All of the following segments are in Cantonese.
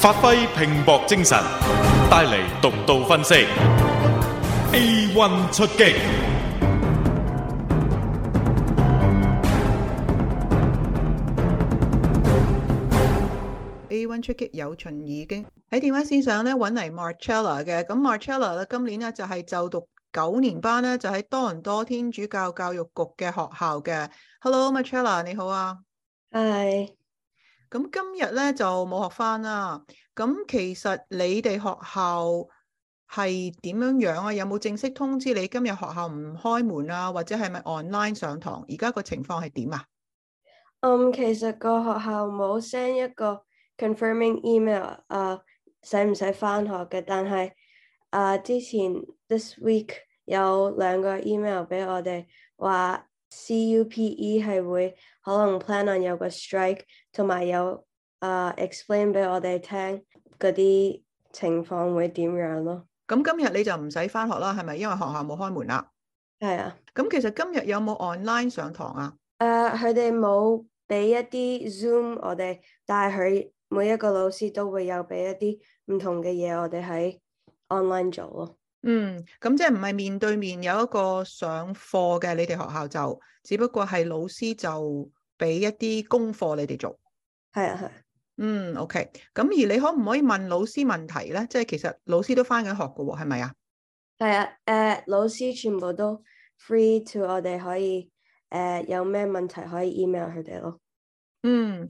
發揮拼搏精神，帶嚟獨到分析。A one 出擊，A one 出擊有秦已經喺電話線上咧，搵嚟 Marcella 嘅。咁 Marcella 今年就係就讀九年班就喺多倫多天主教教育局嘅學校嘅。Hello，Marcella，你好啊。Hi。咁今日咧就冇學翻啦。咁其實你哋學校係點樣樣啊？有冇正式通知你今日學校唔開門啊？或者係咪 online 上堂？而家個情況係點啊？嗯，um, 其實個學校冇 send 一個 confirming email 啊，使唔使翻學嘅？但係啊，uh, 之前 this week 有兩個 email 俾我哋話。C.U.P.E 係會可能 plan on 有個 strike，同埋有啊、uh, explain 俾我哋聽嗰啲情況會點樣咯。咁今日你就唔使翻學啦，係咪？因為學校冇開門啦。係啊。咁其實今日有冇 online 上堂啊？誒，佢哋冇俾一啲 Zoom 我哋，但係佢每一個老師都會有俾一啲唔同嘅嘢我哋喺 online 做咯。嗯，咁即係唔係面對面有一個上課嘅，你哋學校就只不過係老師就俾一啲功課你哋做，係啊係，啊嗯，OK，咁而你可唔可以問老師問題咧？即係其實老師都返緊學噶喎，係咪啊？係啊，誒、呃，老師全部都 free to 我哋可以誒、呃，有咩問題可以 email 佢哋咯。嗯。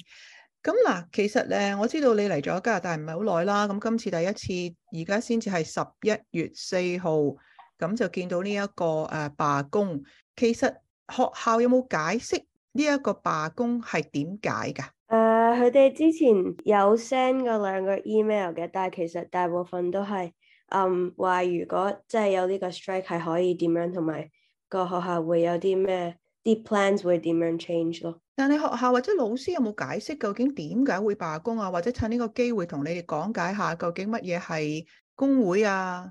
咁嗱、嗯，其實咧，我知道你嚟咗加拿大唔係好耐啦。咁、嗯、今次第一次，而家先至係十一月四號，咁、嗯、就見到呢一個誒罷工。其實學校有冇解釋呢一個罷工係點解㗎？誒，佢哋之前有 send 過兩個 email 嘅，但係其實大部分都係嗯話，如果即係有呢個 strike 係可以點樣，同埋個學校會有啲咩啲 plans 會點樣 change 咯。但係學校或者老師有冇解釋究竟點解會罷工啊？或者趁呢個機會同你哋講解下究竟乜嘢係工會啊？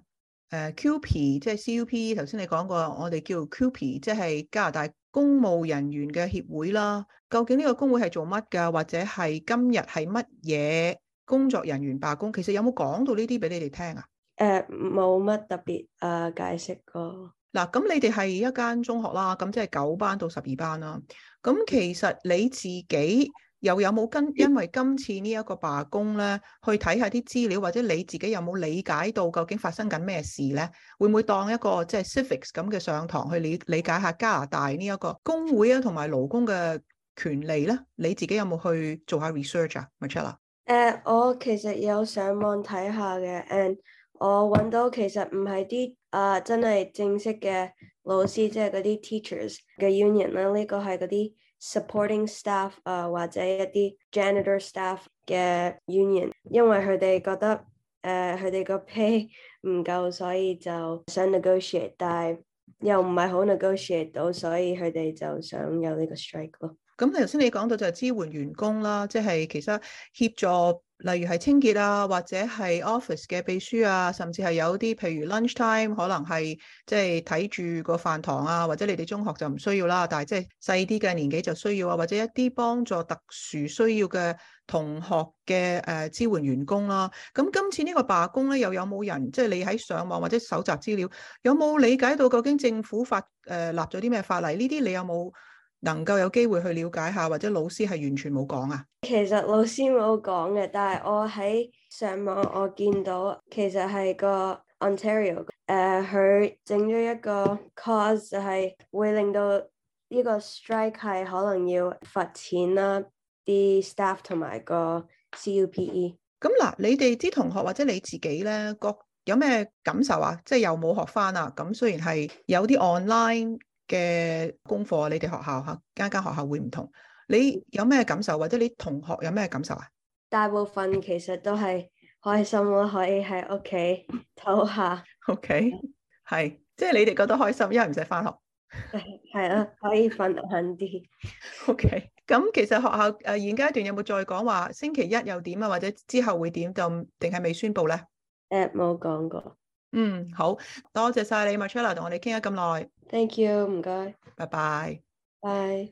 誒、呃、QP 即係 CUP，頭先你講過，我哋叫 QP 即係加拿大公務人員嘅協會啦。究竟呢個工會係做乜㗎？或者係今日係乜嘢工作人員罷工？其實有冇講到呢啲俾你哋聽啊？誒、呃，冇乜特別誒、啊、解釋過。嗱，咁你哋係一間中學啦，咁即係九班到十二班啦。咁其實你自己又有冇跟，因為今次罷呢一個罷工咧，去睇下啲資料，或者你自己有冇理解到究竟發生緊咩事咧？會唔會當一個即係 Civics 咁嘅上堂去理理解下加拿大呢一個工會啊同埋勞工嘅權利咧？你自己有冇去做下 research 啊，Michelle？誒，uh, 我其實有上網睇下嘅 and 我揾到其實唔係啲啊，真係正式嘅老師，即係嗰啲 teachers 嘅 union 啦。呢個係嗰啲 supporting staff 啊、呃，或者一啲 janitor staff 嘅 union。因為佢哋覺得誒佢哋個 pay 唔夠，所以就想 negotiate，但係又唔係好 negotiate 到，所以佢哋就想有呢個 strike 咯。咁你頭先你講到就係支援員工啦，即係其實協助。例如係清潔啊，或者係 office 嘅秘書啊，甚至係有啲譬如 lunch time 可能係即係睇住個飯堂啊，或者你哋中學就唔需要啦，但係即係細啲嘅年紀就需要啊，或者一啲幫助特殊需要嘅同學嘅誒支援員工啦、啊。咁今次呢個罷工咧，又有冇人即係、就是、你喺上網或者搜集資料，有冇理解到究竟政府法誒、呃、立咗啲咩法例？呢啲你有冇？能夠有機會去了解下，或者老師係完全冇講啊？其實老師冇講嘅，但係我喺上網我見到，其實係個 Ontario 誒、呃，佢整咗一個 course 就係會令到呢個 strike 係可能要罰錢啦，啲 staff 同埋個 CUPE。咁嗱，你哋啲同學或者你自己咧，各有咩感受啊？即係又冇學翻啊？咁雖然係有啲 online。嘅功課，你哋學校吓間間學校會唔同？你有咩感受，或者你同學有咩感受啊？大部分其實都係開心咯，可以喺屋企唞下。OK，係，即係你哋覺得開心，因為唔使翻學。係啊，可以瞓晏啲。OK，咁其實學校誒現階段有冇再講話星期一又點啊？或者之後會點？就定係未宣布咧？誒、呃，冇講過。嗯，好，多謝晒你，麥秋麗同我哋傾咗咁耐。Thank you，唔該，拜拜，拜。